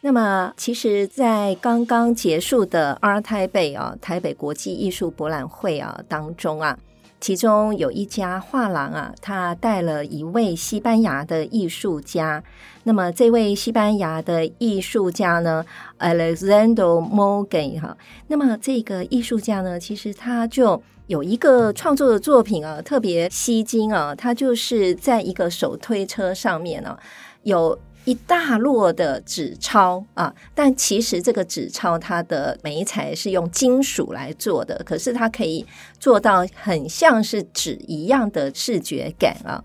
那麼，其實，在剛剛結束的 ART TAIPEI 啊，台北國際藝術博覽會啊當中啊，其中有一家畫廊啊，他帶了一位西班牙的藝術家。那麼，這位西班牙的藝術家呢 Alexander Morgan 哈、啊。那麼，這個藝術家呢，其實他就有一個創作的作品啊，特別吸睛啊。他就是在一個手推車上面呢、啊，有。一大摞的紙鈔啊，但其實這個紙鈔它的媒材是用金屬來做的，可是它可以做到很像是紙一樣的視覺感啊。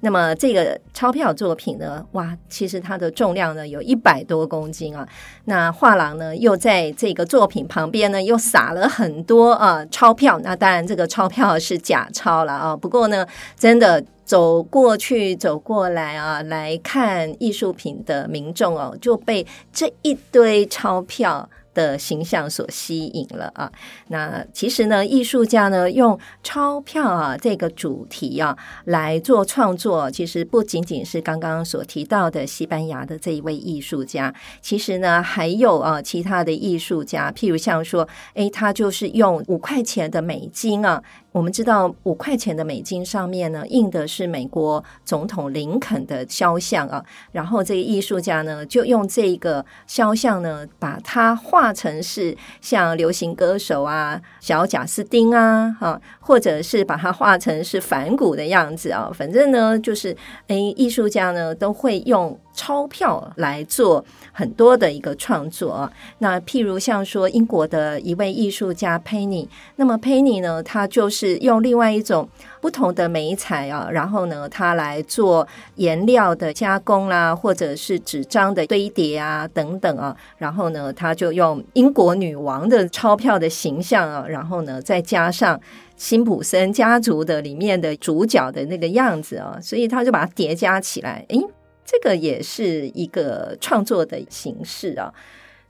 那麼這個鈔票作品呢，哇，其實它的重量呢有一百多公斤啊。那畫廊呢又在這個作品旁邊呢又撒了很多啊鈔票，那當然這個鈔票是假鈔了啊。不過呢，真的。走過去，走過來啊，來看藝術品的民眾哦啊，就被這一堆鈔票的形象所吸引了啊。那其實呢，藝術家呢用鈔票啊這個主題啊來做創作啊，其實不僅僅是剛剛所提到的西班牙的這一位藝術家，其實呢還有啊其他的藝術家，譬如像說，誒，他就是用五塊錢的美金啊。我們知道五塊錢的美金上面呢印的是美國總統林肯的肖像啊，然後這個藝術家呢就用這一個肖像呢把它畫成是像流行歌手啊、小賈斯汀啊，哈、啊，或者是把它畫成是反骨的樣子啊，反正呢就是哎，藝術家呢都會用。鈔票來做很多的一個創作啊，那譬如像說英國的一位藝術家 Penny，那麼 Penny 呢，他就是用另外一種不同的媒材啊，然後呢，他來做顏料的加工啦、啊，或者是紙張的堆疊啊，等等啊，然後呢，他就用英國女王的鈔票的形象啊，然後呢，再加上辛普森家族的裡面的主角的那個樣子啊，所以他就把它疊加起來，誒這個也是一個創作的形式啊，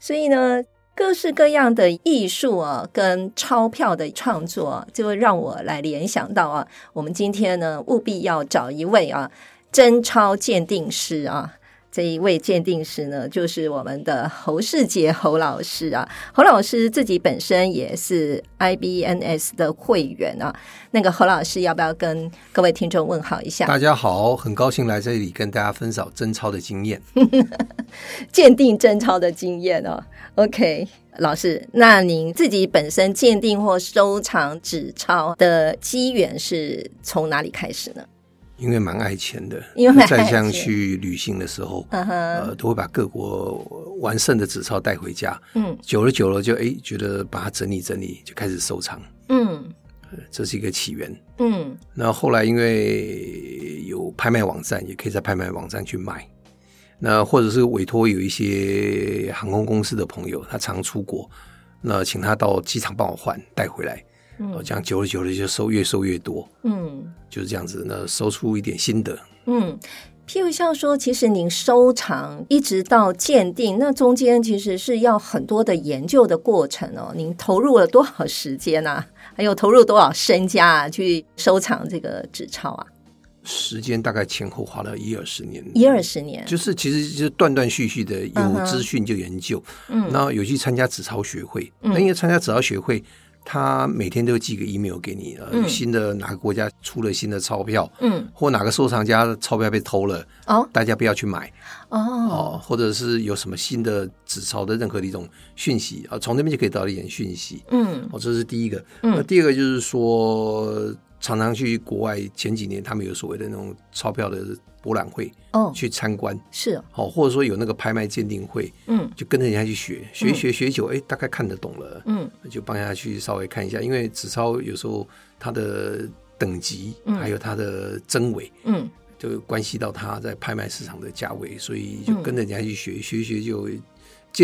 所以呢，各式各樣的藝術啊，跟鈔票的創作啊，就會讓我來聯想到啊，我們今天呢，務必要找一位啊，真鈔鑑定師啊。這一位鑑定師呢，就是我們的侯世傑侯老師啊。侯老師自己本身也是 IBNS 的會員啊。那個侯老師，要不要跟各位聽眾問好一下？大家好，很高興來這裡跟大家分享真鈔的經驗， 鑑定真鈔的經驗哦。OK，老師，那您自己本身鑑定或收藏紙鈔的機緣是從哪裡開始呢？因為蠻愛錢的，因為愛錢再像去旅行的時候，uh huh. 呃，都會把各國完勝的紙鈔帶回家。嗯，久了久了就哎、欸，覺得把它整理整理，就開始收藏。嗯，這是一個起源。嗯，那後，後來因為有拍賣網站，也可以在拍賣網站去賣，那或者是委託有一些航空公司的朋友，他常，常出國，那請他到機場幫我換帶回來。哦，嗯、這樣久而久之就收越收越多，嗯，就是這樣子呢，那收出一點心得。嗯，譬如像說，其實您收藏一直到鑑定，那中間其實是要很多的研究的過程哦。您投入了多少時間呢、啊？還有投入多少身家、啊、去收藏這個紙鈔啊？時間大概前後花了一二十年，一二十年，就是其實就是斷斷續續的有資訊就研究，嗯,嗯，然後有去參加紙鈔學會，嗯、那因為參加紙鈔學會。他每天都寄個 email 給你，呃嗯、新的哪個國家出了新的鈔票，嗯，或哪個收藏家的鈔票被偷了，哦，大家不要去買，哦、呃，或者是有什麼新的紙鈔的任何的一種訊息啊，從、呃、那邊就可以得到一點訊息，嗯，哦，這是第一個，那、呃、第二個就是說。常常去國外，前幾年他們有所謂的那種鈔票的博覽會，哦，去參觀、oh, 是、哦，好，或者說有那個拍賣鑑定會，嗯，就跟着人家去學，學一學學久，哎、嗯欸，大概看得懂了，嗯，就幫人家去稍微看一下，因為紙鈔有時候它的等級、嗯、還有它的真偽，嗯，就關係到它在拍賣市場的價位，所以就跟着人家去學，嗯、學一學就。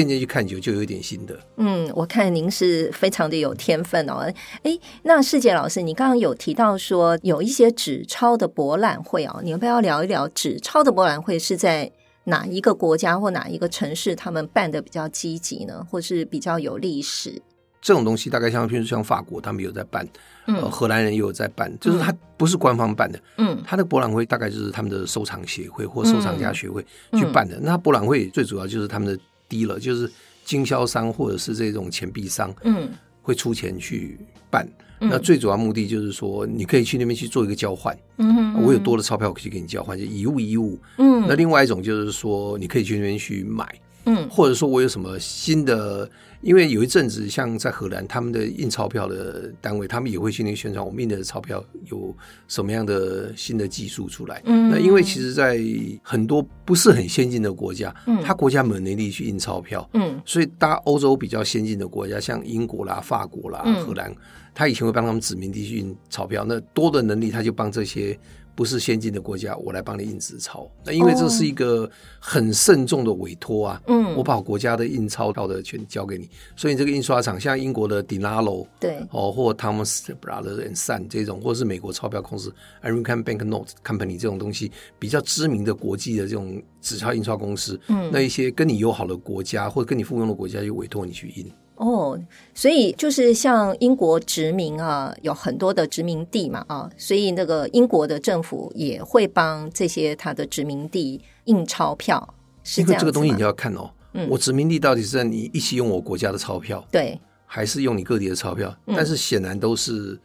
漸漸去看久，就有一點心得。嗯，我看您是非常的有天分哦。哎，那世傑老師，你剛剛有提到說有一些紙鈔的博覽會哦，你要不要聊一聊紙鈔的博覽會是在哪一個國家或哪一個城市，他們辦的比較積極呢，或是比較有歷史？這種東西大概像，譬如像法國，他們有在辦；嗯、呃，荷蘭人也有在辦，嗯、就是他不是官方辦的。嗯，他的博覽會大概就是他們的收藏協會或收藏家協會去辦的。嗯嗯、那博覽會最主要就是他們的。低了，就是經銷商或者是這種錢幣商，嗯，會出錢去辦。嗯、那最主要目的就是說，你可以去那邊去做一個交換，嗯、嗯，我有多的鈔票，我可以去給你交換，就以物易物，嗯。那另外一種就是說，你可以去那邊去買，嗯，或者說我有什麼新的。因為有一陣子，像在荷蘭，他們的印鈔票的單位，他們也會去那裡宣傳，我們印的鈔票有什麼樣的新的技術出來。嗯、那因為其實，在很多不是很先進的國家，他國家沒有能力去印鈔票，嗯，所以大歐洲比較先進的國家，像英國啦、法國啦、嗯、荷蘭，他以前會幫他們殖民地去印鈔票，那多的能力他就幫這些。不是先進的國家，我來幫你印紙鈔。那因為這是一個很慎重的委托啊，嗯，oh, 我把我國家的印鈔道德全交給你，嗯，所以這個印刷廠像英國的 De La Rue 對哦，或 Thomas Brother and Son an 這種，或者是美國鈔票公司 American Banknote Company 這種東西，比較知名的國際的這種紙鈔印刷公司，嗯，那一些跟你友好的國家或者跟你附庸的國家，就委托你去印。哦，oh, 所以就是像英國殖民啊，有很多的殖民地嘛，啊，所以那個英國的政府也會幫這些他的殖民地印鈔票，是這樣子嗎？因為這個東西你要看哦，嗯、我殖民地到底是在你一起用我國家的鈔票，對，還是用你各地的鈔票？嗯、但是顯然都是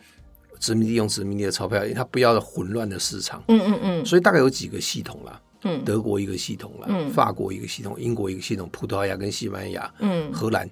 殖民地用殖民地的鈔票，因為它不要混亂的市場，嗯嗯嗯，所以大概有幾個系統啦，嗯，德國一個系統了，嗯，法國一個系統，英國一個系統，葡萄牙跟西班牙，嗯，荷蘭。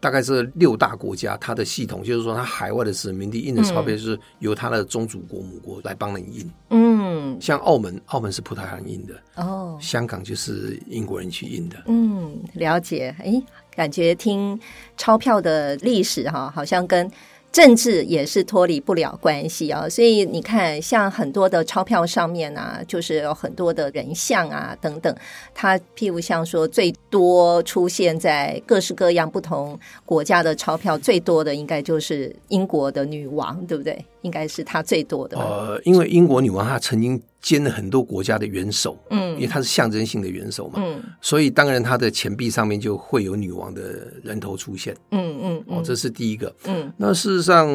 大概是六大國家，它的系統就是說，它海外的殖民地印的鈔票、嗯、就是由它的宗主國母國來幫人印。嗯，像澳門，澳門是葡萄牙印的哦；香港就是英國人去印的。嗯，了解。哎、欸，感覺聽鈔票的歷史哈，好像跟。政治也是脫離不了關係啊、哦，所以你看，像很多的鈔票上面啊，就是有很多的人像啊等等，它，譬如像說最多出現在各式各樣不同國家的鈔票最多的，應該就是英國的女王，對不對？應該是她最多的。呃，因為英國女王她曾經兼了很多國家的元首，嗯，因為她是象徵性的元首嘛，嗯，所以當然她的錢幣上面就會有女王的人頭出現，嗯嗯，嗯嗯哦，這是第一個，嗯，那事實上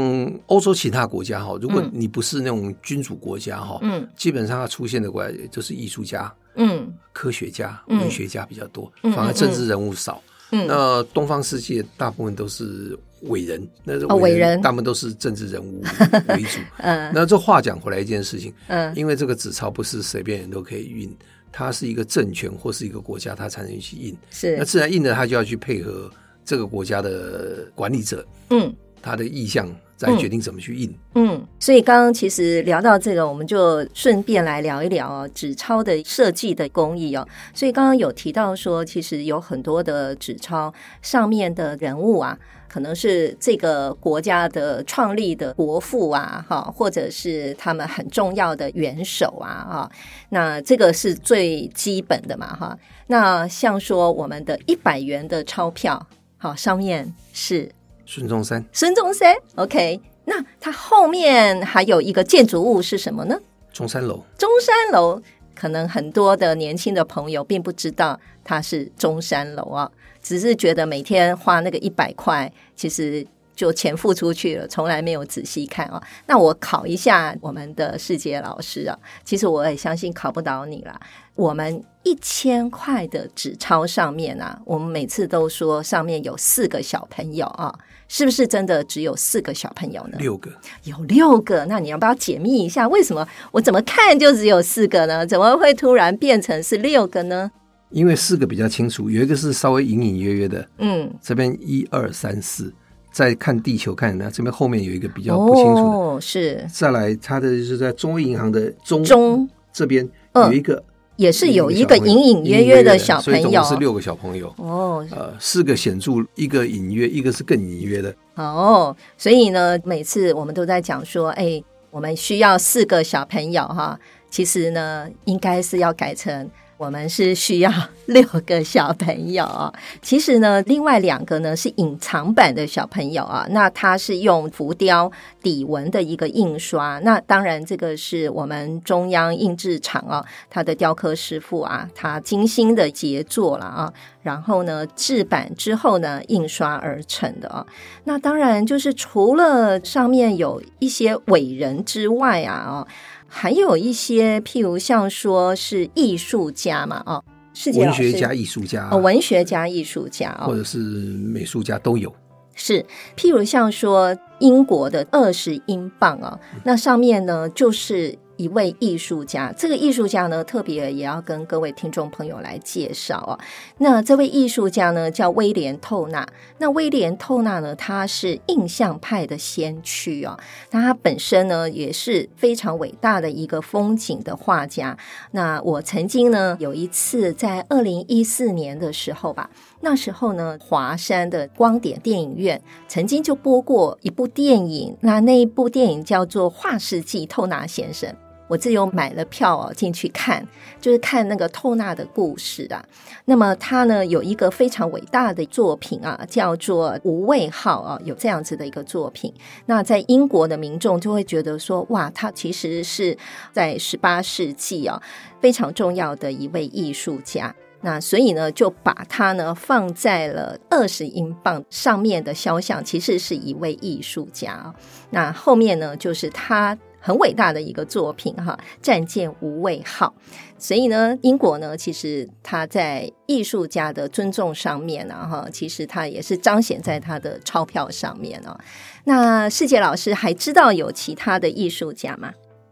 歐洲其他國家哈，如果你不是那種君主國家哈，嗯，基本上她出現的國家也就是藝術家，嗯，科學家、嗯、文學家比較多，反而政治人物少，嗯，嗯那東方世界大部分都是。偉人，那是偉人，哦、偉人他們，都是政治人物為主。 嗯，那這話講回來一件事情，嗯，因為這個紙鈔不是隨便人都可以印，它是一個政權或是一個國家，它才能去印。是，那自然印的，它就要去配合這個國家的管理者，嗯，他的意向再決定怎麼去印。嗯，嗯，所以剛剛其實聊到這個，我們就順便來聊一聊啊、哦，紙鈔的設計的工藝哦，所以剛剛有提到說，其實有很多的紙鈔上面的人物啊。可能是這個國家的創立的國父啊，哈，或者是他們很重要的元首啊，哈，那這個是最基本的嘛，哈。那像說我們的一百元的鈔票，好，上面是孫中山，孫中山，OK。那它後面還有一個建築物是什麼呢？中山樓，中山樓，可能很多的年輕的朋友並不知道它是中山樓啊。只是覺得每天花那個一百塊，其實就錢付出去了，從來沒有仔細看哦。那我考一下我們的世傑老師啊，其實我也相信考不倒你啦。我們一千塊的紙鈔上面啊，我們每次都說上面有四個小朋友啊，是不是真的只有四個小朋友呢？六個，有六個。那你要不要解密一下，為什麼我怎麼看就只有四個呢？怎麼會突然變成是六個呢？因為四個比較清楚，有一個是稍微隱隱約約的，嗯，這邊一二三四，再看地球看，看那這邊後面有一個比較不清楚，哦，是再來它的就是在中央銀行的中中這邊有一個，嗯、也是有一個隱隱約約，約隱隱約約的，的小朋友，是六個小朋友哦，呃，四個顯著，一個隱約，一個是更隱約的哦，所以呢，每次我們都在講說，哎，我們需要四個小朋友哈，其實呢，應該是要改成。我們是需要六個小朋友哦。其實呢，另外兩個呢是隱藏版的小朋友啊，那它是用浮雕底紋的一個印刷，那當然這個是我們中央印制廠哦，它的雕刻師傅啊，他精心的傑作了啊，然後呢制版之後呢印刷而成的啊哦，那當然就是除了上面有一些偉人之外啊哦。還有一些，譬如像說是藝術家嘛，哦，是文學家、藝術家，哦，文學家、藝術家，或者是美術家都有。是，譬如像說英國的二十英鎊啊，哦，那上面呢就是。一位藝術家，這個藝術家呢，特別也要跟各位聽眾朋友來介紹啊、哦。那這位藝術家呢，叫威廉透納。那威廉透納呢，他是印象派的先驅啊、哦。那他本身呢，也是非常偉大的一個風景的畫家。那我曾經呢，有一次在二零一四年的時候吧，那時候呢，華山的光點電影院曾經就播過一部電影。那那一部電影叫做《畫世紀》，透納先生。我自由買了票哦，進去看，就是看那個透納的故事啊。那麼他呢有一個非常偉大的作品啊，叫做《無畏號》啊，有這樣子的一個作品。那在英國的民眾就會覺得說，哇，他其實是在十八世紀啊，非常重要的一位藝術家。那所以呢，就把他呢放在了二十英鎊上面的肖像，其實是一位藝術家。那後面呢，就是他。很偉大的一個作品哈，《戰艦無畏號》。所以呢，英國呢，其實他在藝術家的尊重上面呢，哈，其實他也是彰顯在他的鈔票上面哦、啊。那世傑老師還知道有其他的藝術家嗎？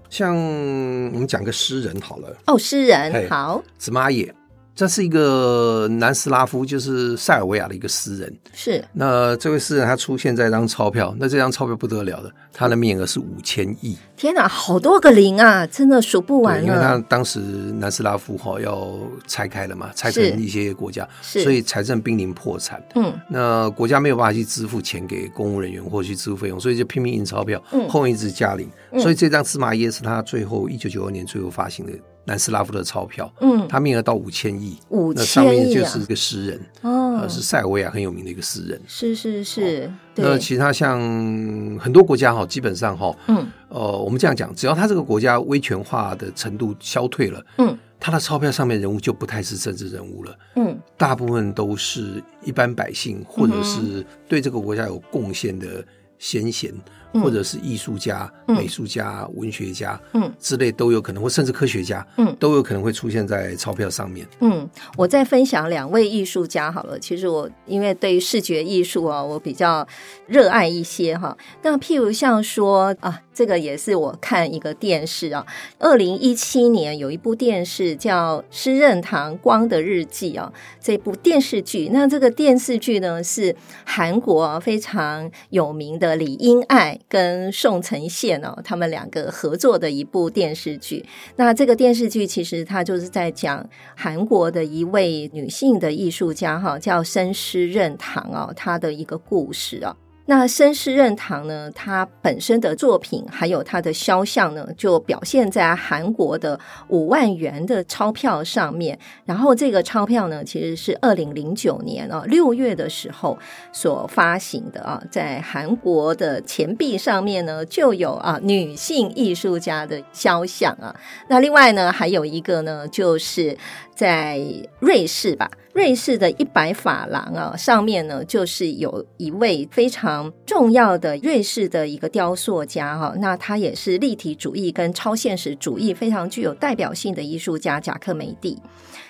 像我們講個詩人好了哦，詩人嘿好，斯瑪耶。這是一個南斯拉夫，就是塞爾維亞的一個詩人，是。那這位詩人他出現在一張鈔票，那這張鈔票不得了的，他的面額是五千億。天哪，好多個零啊，真的數不完了。因為他當時南斯拉夫哈要拆開了嘛，拆成一些國家，是所以財政瀕臨破產。嗯是，那國家沒有辦法去支付錢給公務人員或去支付費用，所以就拼命印鈔票，嗯，後面一直加零，嗯、所以這張司馬耶是他最後一九九二年最後發行的。南斯拉夫的鈔票，嗯，它面額到五千億，啊，五千億那上面就是一個詩人，哦、呃，是塞爾維亞很有名的一個詩人，是是是。哦、對那其他像很多國家哈，基本上哈，嗯，呃，我們這樣講，只要他這個國家威權化的程度消退了，嗯，他的鈔票上面人物就不太是政治人物了，嗯，大部分都是一般百姓或者是對這個國家有貢獻的、嗯。先賢，或者是藝術家、嗯、美術家、嗯、文學家，嗯，之類都有可能，或甚至科學家，嗯，都有可能會出現在鈔票上面。嗯，我再分享兩位藝術家好了。其實我因為對於視覺藝術啊，我比較熱愛一些哈、啊。那譬如像說啊，這個也是我看一個電視啊，二零一七年有一部電視叫《師任堂光的日記》啊，這部電視劇。那這個電視劇呢，是韓國、啊、非常有名的。李英愛跟宋承憲哦，他們兩個合作的一部電視劇。那這個電視劇其實它就是在講韓國的一位女性的藝術家哈、哦，叫申師任堂哦，她的一個故事啊、哦。那申師任堂呢，他本身的作品還有他的肖像呢，就表現在韓國的五萬元的鈔票上面。然後這個鈔票呢，其實是二零零九年啊六月的時候所發行的啊，在韓國的錢幣上面呢就有啊女性藝術家的肖像啊。那另外呢，還有一個呢，就是在瑞士吧。瑞士的一百法郎啊，上面呢就是有一位非常重要的瑞士的一個雕塑家哈、啊，那他也是立體主義跟超現實主義非常具有代表性的藝術家——賈克梅蒂。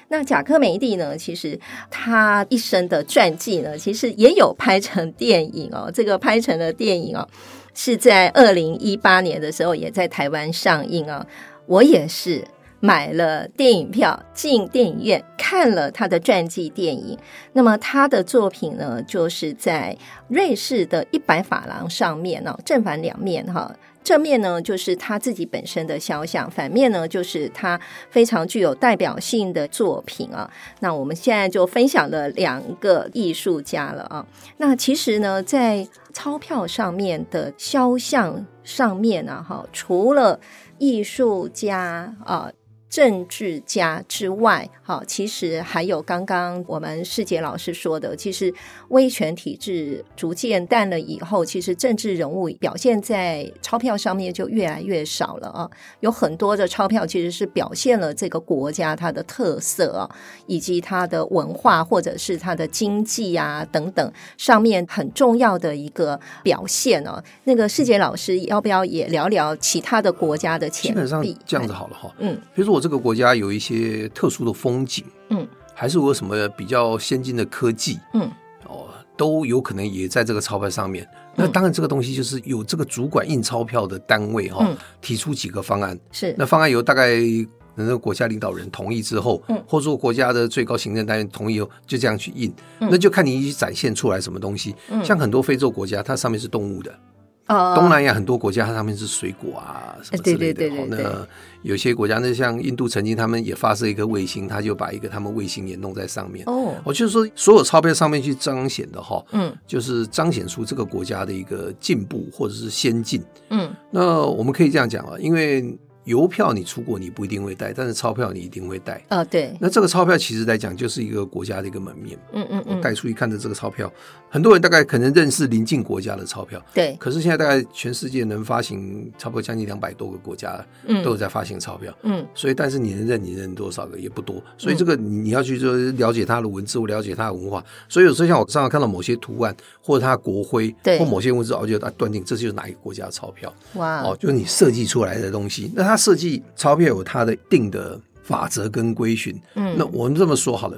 那賈克梅蒂呢，其實他一生的傳記呢，其實也有拍成電影哦、啊。這個拍成的電影哦、啊，是在二零一八年的時候也在台灣上映啊。我也是。買了電影票進電影院看了他的傳記電影。那麼他的作品呢，就是在瑞士的一百法郎上面呢，正反兩面哈。正面呢就是他自己本身的肖像，反面呢就是他非常具有代表性的作品啊。那我們現在就分享了兩個藝術家了啊。那其實呢，在鈔票上面的肖像上面呢，哈，除了藝術家啊。政治家之外，哈，其實還有剛剛我們世傑老師說的，其實威權體制逐漸淡了以後，其實政治人物表現在鈔票上面就越來越少了啊。有很多的鈔票其實是表現了這個國家它的特色啊，以及它的文化或者是它的經濟啊等等上面很重要的一個表現呢。那個世傑老師要不要也聊聊其他的國家的錢，基本上這樣子好了哈，嗯，就是我。這個國家有一些特殊的風景，嗯，還是有什麼比較先進的科技，嗯，哦，都有可能也在這個鈔票上面。嗯、那當然，這個東西就是有這個主管印鈔票的單位哈、哦，嗯、提出幾個方案，是那方案由大概那個國家領導人同意之後，嗯，或者說國家的最高行政單位同意後，就這樣去印。嗯、那就看你去展現出來什麼東西，嗯、像很多非洲國家，它上面是動物的。東南亞很多國家它上面是水果啊什麼之類的。那有些國家，那像印度曾經他們也發射一個衛星，他就把一個他們衛星也弄在上面。哦，我就是說，所有鈔票上面去彰顯的哈，嗯，就是彰顯出這個國家的一個進步或者是先進。嗯，那我們可以這樣講啊，因為。郵票你出國你不一定會帶，但是鈔票你一定會帶啊、哦。對，那這個鈔票其實來講就是一個國家的一個門面，嗯嗯嗯，帶、嗯嗯、出去看着這個鈔票，很多人大概可能認識臨近國家的鈔票。對。可是現在大概全世界能發行差不多將近兩百多個國家，嗯、都有在發行鈔票。嗯。所以，但是你能認，你認多少個也不多。所以，這個你要去說了解它的文字，我了解它的文化。所以，有時候像我上次看到某些圖案，或者它國徽，對，或某些文字，我、啊、就斷定這就是哪一個國家的鈔票。哇。哦，就是你設計出來的東西，嗯、那。他設計鈔票有它的定的法則跟規循，嗯，那我們這麼說好了，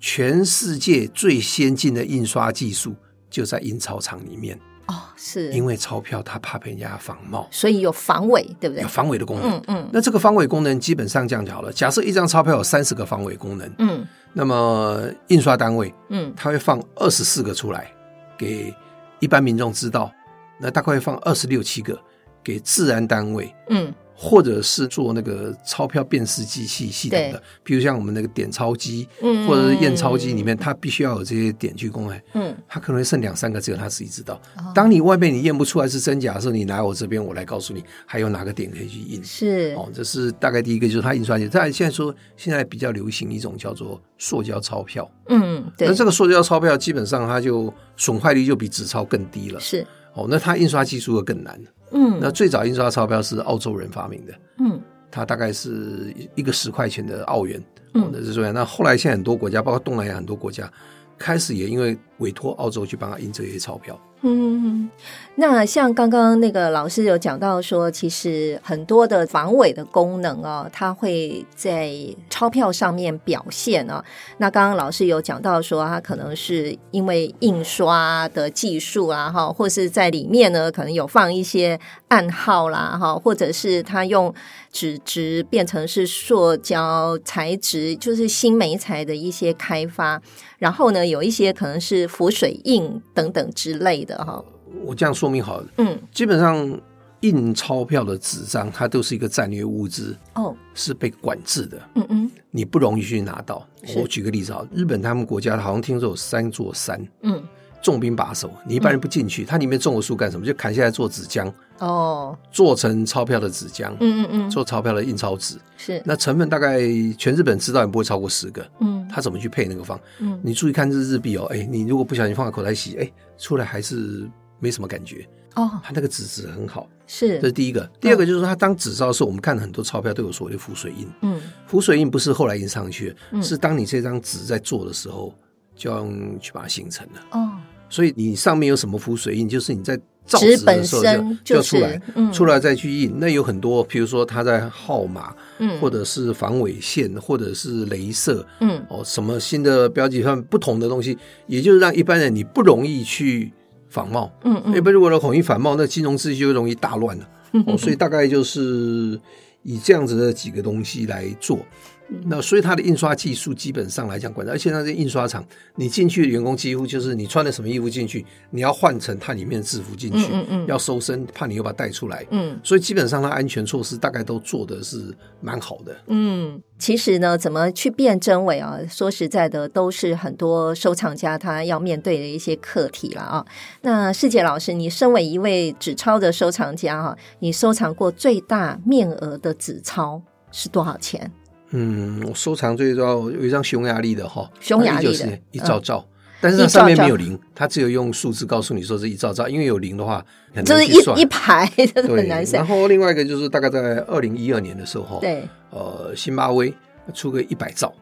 全世界最先進的印刷技術就在印鈔廠裡面哦，是因為鈔票它怕被人家仿冒，所以有防偽，對不對？有防偽的功能，嗯，嗯。那這個防偽功能基本上這樣就好了。假設一張鈔票有三十個防偽功能，嗯，那麼印刷單位，嗯，它會放二十四個出來給一般民眾知道，那大概會放二十六七個給治安單位，嗯。或者是做那個鈔票辨識機器系統的，對比如像我們那個點鈔機，嗯、或者是驗鈔機裡面，它必須要有這些點去功能。嗯、它可能會剩兩三個，只有它自己知道。哦、當你外面你驗不出來是真假的時候，你拿我這邊，我來告訴你還有哪個點可以去印。是哦，這是大概第一個，就是它印刷技術。但現在說現在比較流行一種叫做塑膠鈔票。嗯，對。那這個塑膠鈔票基本上它就損壞率就比紙鈔更低了。是哦，那它印刷技術更難。嗯，那最早印刷鈔票是澳洲人發明的。嗯，它大概是一個十塊錢的澳元，嗯，那那後來現在很多國家，包括東南亞很多國家，開始也因為委託澳洲去幫他印這些鈔票。嗯，那像剛剛那個老師有講到說，其實很多的防偽的功能哦，它會在鈔票上面表現啊、哦。那剛剛老師有講到說，它可能是因為印刷的技術啊，哈，或是在裡面呢，可能有放一些暗號啦，哈，或者是他用紙質變成是塑膠材質，就是新媒材的一些開發。然後呢，有一些可能是。浮水印等等之類的哈，我這樣說明好了，嗯，基本上印鈔票的紙張，它都是一個戰略物資，哦，是被管制的，嗯嗯，你不容易去拿到。我舉個例子啊，日本他們國家好像聽說有三座山，嗯，重兵把守，你一般人不進去，它裡面種的樹幹什麼？就砍下來做紙漿，哦，做成鈔票的紙漿，嗯嗯嗯，做鈔票的印鈔紙，是，那成本大概全日本知道也不會超過十個，嗯。他怎麼去配那個方？嗯，你注意看日日幣哦，哎、欸，你如果不小心放在口袋洗，哎、欸，出來還是沒什麼感覺哦。他那個紙質很好，是，這是第一個。第二個就是說，他當紙鈔的時候，哦、我們看了很多鈔票都有所謂的浮水印。嗯，浮水印不是後來印上去，嗯、是當你這張紙在做的時候就要用去把它形成了。哦，所以你上面有什麼浮水印，就是你在。造紙的時候就就出來，就是、出來再去印。嗯、那有很多，比如說他在號碼，嗯、或者是防偽線，或者是鐳射，嗯，哦，什麼新的標記上不同的東西，也就是讓一般人你不容易去仿冒，嗯嗯。要、嗯、不如果容易仿冒，那金融秩序就容易大亂了。哦，所以大概就是以這樣子的幾個東西來做。嗯嗯嗯那所以它的印刷技術基本上來講管，而且那些印刷廠，你進去的員工幾乎就是你穿的什麼衣服進去，你要換成它裡面的制服進去，嗯嗯嗯，要收身，怕你又把它帶出來，嗯，所以基本上它安全措施大概都做的是蠻好的，嗯。其實呢，怎麼去辨真偽啊？說實在的，都是很多收藏家他要面對的一些課題了啊。那世杰老師，你身為一位紙鈔的收藏家啊，你收藏過最大面額的紙鈔是多少錢？嗯，我收藏最多有一張匈牙利的哈，匈牙利就是一兆兆，但是它上面沒有零，它只有用數字告訴你說是一兆兆。因為有零的話很難一一排是很難算。然後另外一個就是大概在二零一二年的時候，對，呃，辛巴威出個一百兆，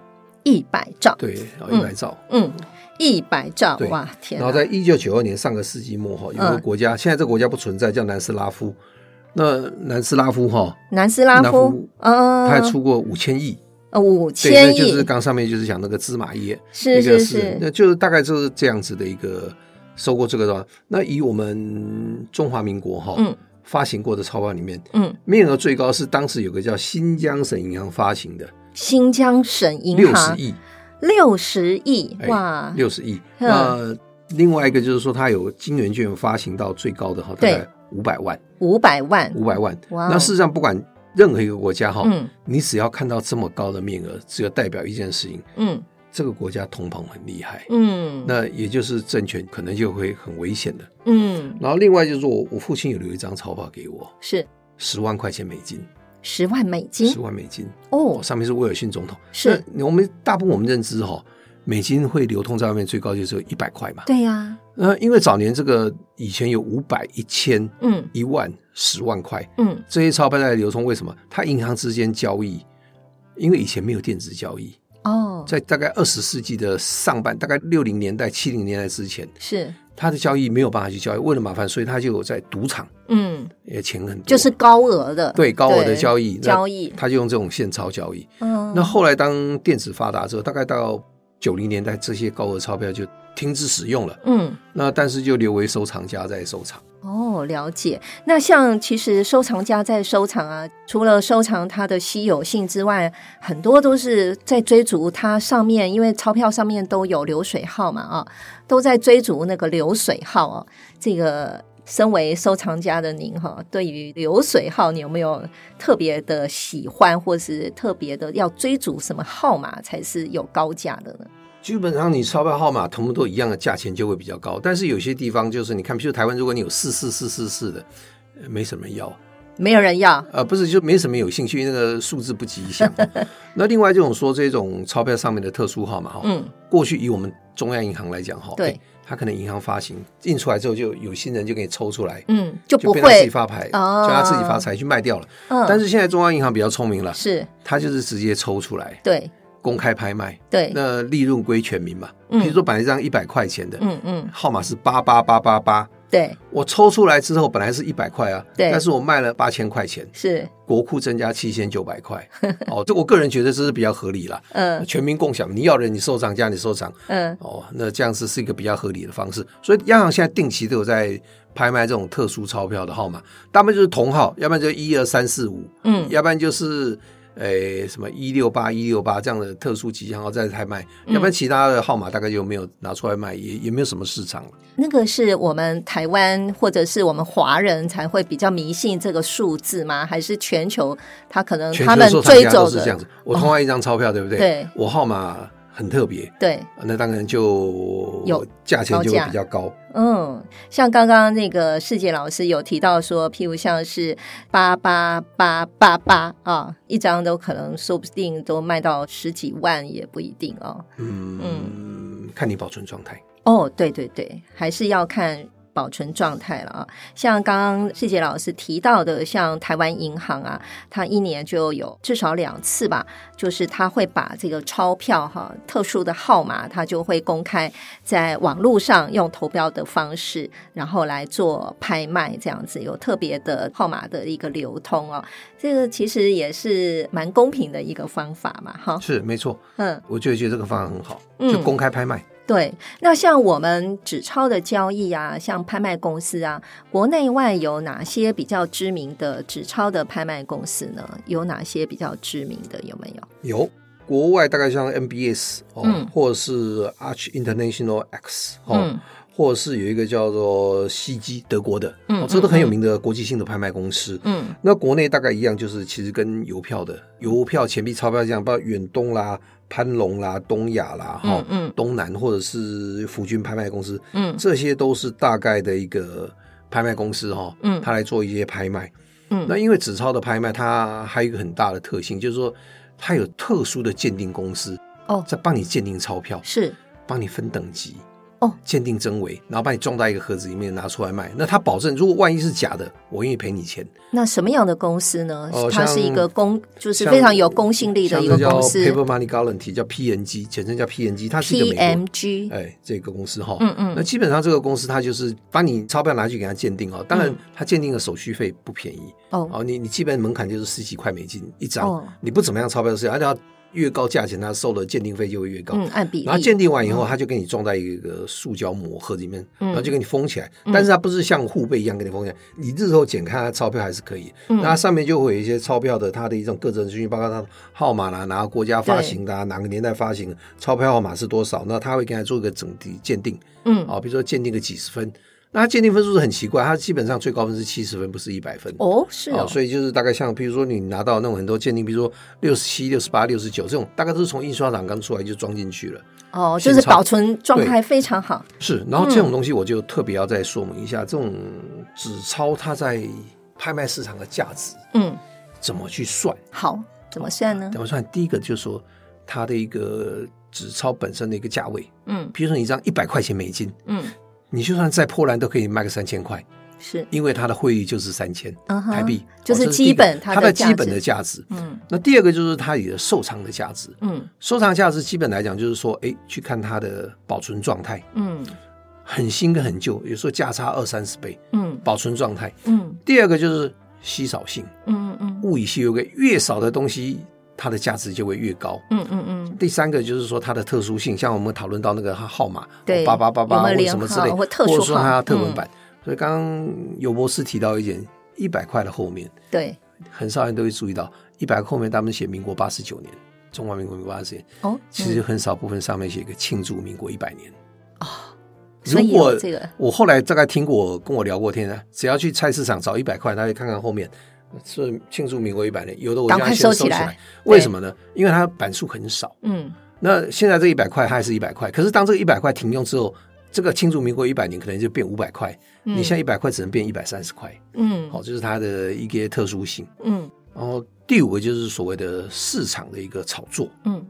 一百兆，對，然後一百兆，嗯，一百兆，哇天！然後在一九九二年上個世紀末哈，有個國家，現在這個國家不存在，叫南斯拉夫。那南斯拉夫哈，南斯拉夫，嗯，他還出過五千億，呃，五千億，就是剛上面就是講那個芝麻葉，是是是，那就是大概就是這樣子的一個收購這個的話，那以我們中華民國哈，發行過的鈔票裡面，嗯，面額最高是當時有個叫新疆省銀行發行的，新疆省銀行六十億，六十億哇，六十億。那另外一個就是說，它有金圓券發行到最高的哈，對。五百萬，五百萬，五百萬。那事實上，不管任何一個國家哈，你只要看到這麼高的面額，只要代表一件事情，嗯，這個國家通膨很厲害，嗯，那也就是政權可能就會很危險的，嗯。然後另外就是我，我父親有留一張鈔票給我，是十萬塊錢美金，十萬美金，十萬美金哦，上面是威爾遜總統。是，我們大部分我們認知哈，美金會流通在外面最高就是一百塊嘛，對呀。那、呃、因為早年這個以前有五百、一千、嗯、嗯、一萬、十萬塊，嗯，這些鈔票在流通，為什麼？它銀行之間交易，因為以前沒有電子交易哦，在大概二十世紀的上半，大概六零年代、七零年代之前，是它的交易沒有辦法去交易，為了麻煩，所以它就有在賭場，嗯，也錢很多就是高額的，對，對高額的交易對，那，交易，他就用這種現鈔交易。嗯，那後來當電子發達之後，大概到，九零年代這些高額鈔票就停止使用了，嗯，那但是就留為收藏家在收藏。哦，了解。那像其實收藏家在收藏啊，除了收藏它的稀有性之外，很多都是在追逐它上面，因為鈔票上面都有流水號嘛，啊，都在追逐那個流水號哦，啊，這個。身為收藏家的您哈，對於流水號，你有沒有特別的喜歡，或是特別的要追逐什麼號碼才是有高價的呢？基本上，你鈔票號碼同不都一樣的價錢就會比較高，但是有些地方就是你看，譬如台灣，如果你有四四四四四的，沒什麼要，沒有人要啊、呃，不是就沒什麼有興趣，因為那個數字不吉祥。 那另外這種說這種鈔票上面的特殊號碼哈，嗯，過去以我們中央銀行來講哈，對。他可能銀行發行印出來之後，就有心人就給你抽出來，嗯，就不會就他自己發牌，哦、叫他自己發財去賣掉了。嗯、但是現在中央銀行比較聰明了，是，他就是直接抽出來，對，公開拍賣，對，那利潤歸全民嘛。比對如說，本來這張一百塊錢的，嗯嗯，號碼是八八八八八。對，我抽出來之後，本來是一百塊啊，對，但是我賣了八千塊錢，是國庫增加七千九百塊。 哦，這我個人覺得這是比較合理了，嗯，全民共享，你要人你收藏，家你收藏，嗯，哦，那這樣子是一個比較合理的方式，所以央行現在定期都有在拍賣這種特殊鈔票的號碼，大部分就是同號，要不然就一二三四五，嗯，要不然就是。誒，什麼一六八一六八這樣的特殊吉祥號在台賣，要不然其他的號碼大概有沒有拿出來賣？嗯、也也沒有什麼市場。那個是我們台灣或者是我們華人才會比較迷信這個數字嗎？還是全球他可能他們追求的？是這樣子。我通換一張鈔票，對不對？對，我號碼。很特別，對，那當然就有價錢就會比較高。高嗯，像剛剛那個世傑老師有提到說，譬如像是八八八八八啊，一張都可能說不定都賣到十幾萬也不一定哦。嗯嗯，嗯看你保存狀態。哦，對對對，還是要看。保存狀態了啊，像剛剛世杰老師提到的，像台灣銀行啊，它一年就有至少兩次吧，就是他會把這個鈔票哈，特殊的號碼，他就會公開在網絡上用投標的方式，然後來做拍賣，這樣子有特別的號碼的一個流通哦。這個其實也是蠻公平的一個方法嘛，哈。是沒錯，嗯，我就覺得這個方案很好，就公開拍賣。嗯對，那像我們紙鈔的交易啊，像拍賣公司啊，國內外有哪些比較知名的紙鈔的拍賣公司呢？有哪些比較知名的？有沒有？有，國外大概像 MBS，、哦、嗯，或者是 Arch International X，、哦、嗯，或者是有一個叫做希基德國的，嗯、哦，這個、都很有名的國際性的拍賣公司，嗯。嗯那國內大概一樣，就是其實跟郵票的、郵票、錢幣、鈔票一樣，包括遠東啦。潘龍啦、東亞啦、哈、嗯、嗯、東南或者是福軍拍賣公司，嗯，這些都是大概的一個拍賣公司哈，嗯，他來做一些拍賣，嗯，那因為紙鈔的拍賣，它還有一個很大的特性，就是說它有特殊的鑑定公司哦，在幫你鑑定鈔票，是幫你分等級。哦，鑑定真偽，然後把你裝到一個盒子裡面拿出來賣。那他保證，如果萬一是假的，我願意賠你錢。那什麼樣的公司呢？哦、它是一個公，就是非常有公信力的一個公司。Paper Money Guarantee 叫 PNG，簡稱叫 PNG，它是一個美國。哎這個公司哈。嗯嗯。嗯那基本上這個公司，它就是把你鈔票拿去給他鑑定哦。當然，它鑑定的手續費不便宜哦。嗯、哦，你你基本門檻就是十幾塊美金一張，哦、你不怎麼樣鈔票是要而且。越高價錢，他收的鑑定費就會越高。嗯，按比例。然後鑑定完以後，嗯、他就給你裝在一個塑膠膜盒裡面，嗯、然後就給你封起來。嗯。但是它不是像護貝一樣給你封起來，嗯、你日後剪開鈔票還是可以。嗯。那上面就會有一些鈔票的它的一種各種資訊，包括它號碼啦、啊，然後國家發行的、啊，對哪個年代發行，鈔票號碼是多少？那他會給他做一個整體鑑定。嗯。好、啊、比如說鑑定個幾十分。那它鑑定分數是很奇怪，它基本上最高分是七十分，分，不是一百分。哦，是哦，哦，所以就是大概像，比如說你拿到那種很多鑑定，比如說六十七、六十八、六十九這種，大概都是從印刷廠剛出來就裝進去了。哦，就是保存狀態非常好。是，然後這種東西我就特別要再說明一下，嗯、這種紙鈔它在拍賣市場的價值，嗯，怎麼去算？好，怎麼算呢、啊？怎麼算？第一個就是說它的一個紙鈔本身的一個價位，嗯，比如說你一張一百塊錢美金，嗯。你就算再破爛都可以賣個三千塊，是因為它的匯率就是三千、uh-huh, 台幣，就是基本它的價值，哦、它的基本的價值。嗯，那第二個就是它有的收藏的價值。嗯，收藏價值基本來講就是說，哎、欸，去看它的保存狀態。嗯，很新跟很舊有時候價差二三十倍。嗯，保存狀態。嗯，第二個就是稀少性。嗯嗯嗯，物以稀為貴，越少的東西。它的價值就會越高。嗯嗯嗯。嗯嗯第三個就是說它的特殊性，像我們討論到那個號碼，對，八八八八，為什麼之類，或說它要特文版。嗯、所以剛剛尤博士提到一點，一百塊的後面，對、嗯，很少人都會注意到一百塊後面他們寫民國八十九年，中華民國八十九年。哦對，其實很少部分上面寫一個慶祝民國一百年。啊、哦，如果。這個。我後來大概聽過，跟我聊過的天的，只要去菜市場找一百塊，大家看看後面。是慶祝民國一百年，有的我趕快收起來。為什麼呢？對因為它版數很少。嗯，那現在這一百塊還是一百塊，可是當這一百塊停用之後，這個慶祝民國一百年可能就變五百塊。嗯，你現在一百塊只能變一百三十塊。嗯，好，這就是它的一個特殊性。嗯，然後第五個就是所謂的市場的一個炒作。嗯，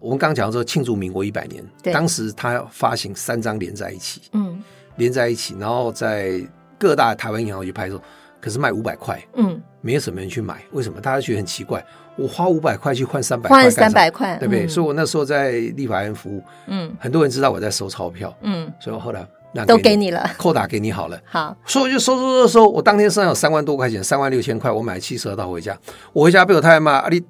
我們剛剛講到說慶祝民國一百年，對當時它要發行三張連在一起。嗯，連在一起，然後在各大台灣銀行去拍售。可是賣五百塊，嗯，沒有什麼人去買，為什麼？大家覺得很奇怪，我花五百塊去換三百，換三百塊，嗯、對不對？所以，我那時候在立法院服務，嗯，很多人知道我在收鈔票，嗯，所以我後來那都給你了，扣打給你好了，好，所以我就收收收收，我當天身上有三萬多塊錢，三萬六千塊，我買了汽車到回家，我回家被我太太罵，阿麗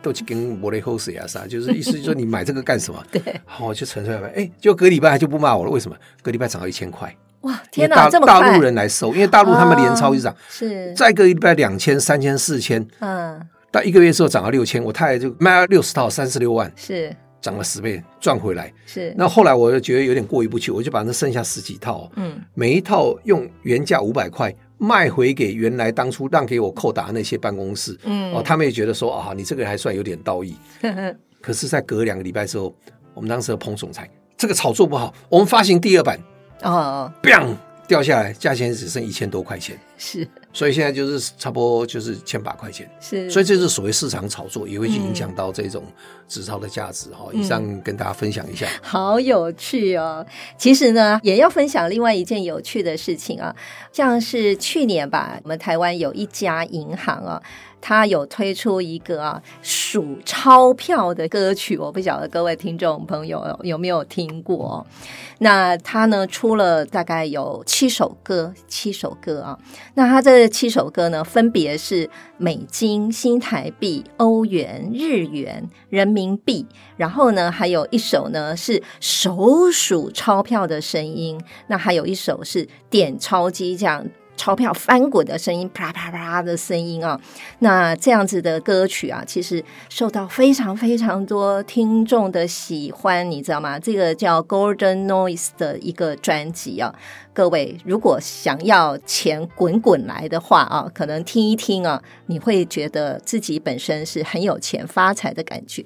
都去跟我來口水啊啥，就是意思就說你買這個幹什麼？ 對，好，我就存下來哎、欸，就隔禮拜就不罵我了，為什麼？隔禮拜漲到一千塊。哇，天哪，這麼快，大陸人來收，因為大陸他們連超一漲、啊，是再隔一個禮拜兩千、三千、四千，嗯，到一個月之後漲到六千，我太太就賣了六十套，三十六萬，是漲了十倍，賺回來。是那後來我就覺得有點過意不去，我就把那剩下十幾套、哦，嗯，每一套用原價五百塊賣回給原來當初讓給我扣打的那些辦公室，嗯，哦，他們也覺得說啊、哦，你這個人還算有點道義。呵呵可是在隔兩個禮拜之後，我們當時的彭總裁這個炒作不好，我們發行第二版。哦，oh. 砰，掉下來，價錢只剩一千多塊錢。是。所以現在就是差不多就是千把塊錢，是，所以這是所謂市場炒作，也會影響到這種紙鈔的價值哈。嗯、以上跟大家分享一下，好有趣哦。其實呢，也要分享另外一件有趣的事情啊，像是去年吧，我們台灣有一家銀行啊，它有推出一個、啊、數鈔票的歌曲，我不曉得各位聽眾朋友有沒有聽過。那它呢出了大概有七首歌，七首歌啊，那它的。這七首歌呢，分別是美金、新台幣、歐元、日元、人民幣，然後呢，還有一首呢是手數鈔票的聲音，那還有一首是點鈔機這樣。鈔票翻滾的聲音，啪啪啪、啪的聲音啊、哦，那這樣子的歌曲啊，其實受到非常非常多聽眾的喜歡，你知道嗎？這個叫《Golden Noise》的一個專輯啊、哦，各位如果想要錢滾滾來的話啊，可能聽一聽啊，你會覺得自己本身是很有錢、發財的感覺，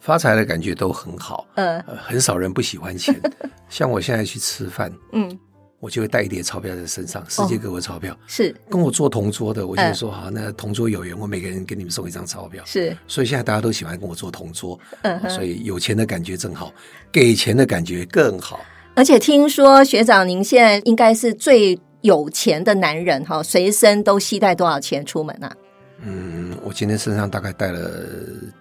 發財的感覺都很好。呃，很少人不喜歡錢， 像我現在去吃飯，嗯。我就會帶一疊鈔票在身上，世界各國鈔票、哦、是跟我做同桌的，我就說、嗯、好，那同桌有緣，我每個人給你們送一張鈔票是。所以現在大家都喜歡跟我做同桌，嗯、哼所以有錢的感覺真好，給錢的感覺更好。而且聽說學長您現在應該是最有錢的男人哈，隨身都攜帶多少錢出門啊？嗯，我今天身上大概帶了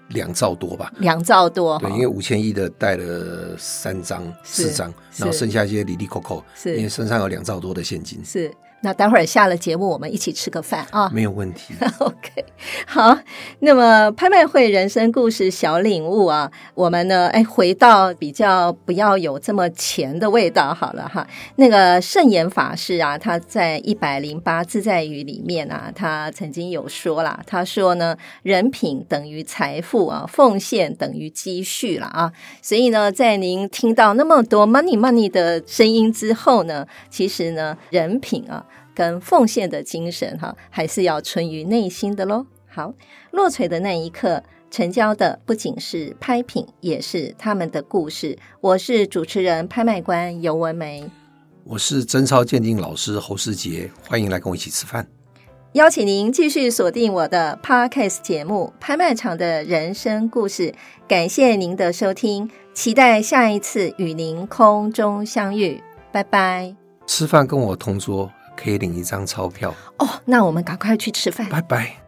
兩兆多吧，兩兆多。對，因為五千億的帶了三張、是四張，然後剩下一些零零扣扣，是因為身上有兩兆多的現金。是。那待會兒下了節目，我們一起吃個飯啊，沒有問題。OK，好，那麼拍賣會、人生故事、小領悟啊，我們呢，哎，回到比較不要有這麼錢的味道好了哈。那個聖嚴法師啊，他在《一百零八自在語》裡面啊，他曾經有說了，他說呢，人品等於財富啊，奉獻等於積蓄了啊，所以呢，在您聽到那麼多 money money 的聲音之後呢，其實呢，人品啊。跟奉獻的精神哈，還是要存於內心的嘍。好，落槌的那一刻，成交的不僅是拍品，也是他們的故事。我是主持人、拍賣官游文玫，我是珍鈔鑑定老師侯世杰，歡迎來跟我一起吃飯。邀請您繼續鎖定我的 Podcast 節目《拍賣場的人生故事》，感謝您的收聽，期待下一次與您空中相遇。拜拜。吃飯跟我同桌，可以領一張鈔票哦，oh, 那我們趕快去吃飯。拜拜。